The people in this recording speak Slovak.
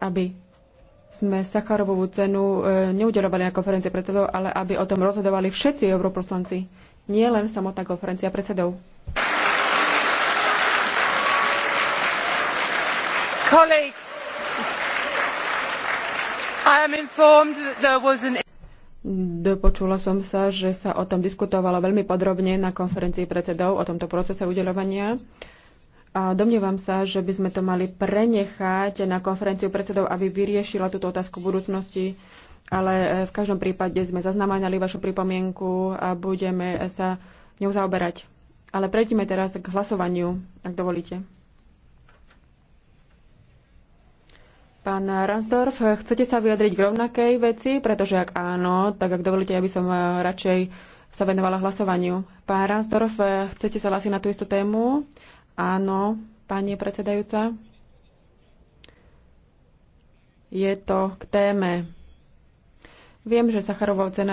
aby sme Sacharovovú cenu e, neudelovali na konferencie predsedov, ale aby o tom rozhodovali všetci europoslanci, nie len samotná konferencia predsedov. Colleagues, I am informed that there was an... Dopočula som sa, že sa o tom diskutovalo veľmi podrobne na konferencii predsedov, o tomto procese udelovania. A domnievam sa, že by sme to mali prenechať na konferenciu predsedov, aby vyriešila túto otázku budúcnosti. Ale e, v každom prípade sme zaznamenali vašu pripomienku a budeme sa ňou zaoberať. Ale prejdime teraz k hlasovaniu, ak dovolíte. Pán Ransdorf, chcete sa vyjadriť k rovnakej veci? Pretože ak áno, tak ak dovolíte, ja by som e, radšej sa venovala hlasovaniu. Pán Ransdorf, e, chcete sa hlasiť na tú istú tému? Áno, pani predsedajúca. Je to k téme. Viem, že Sacharovou cena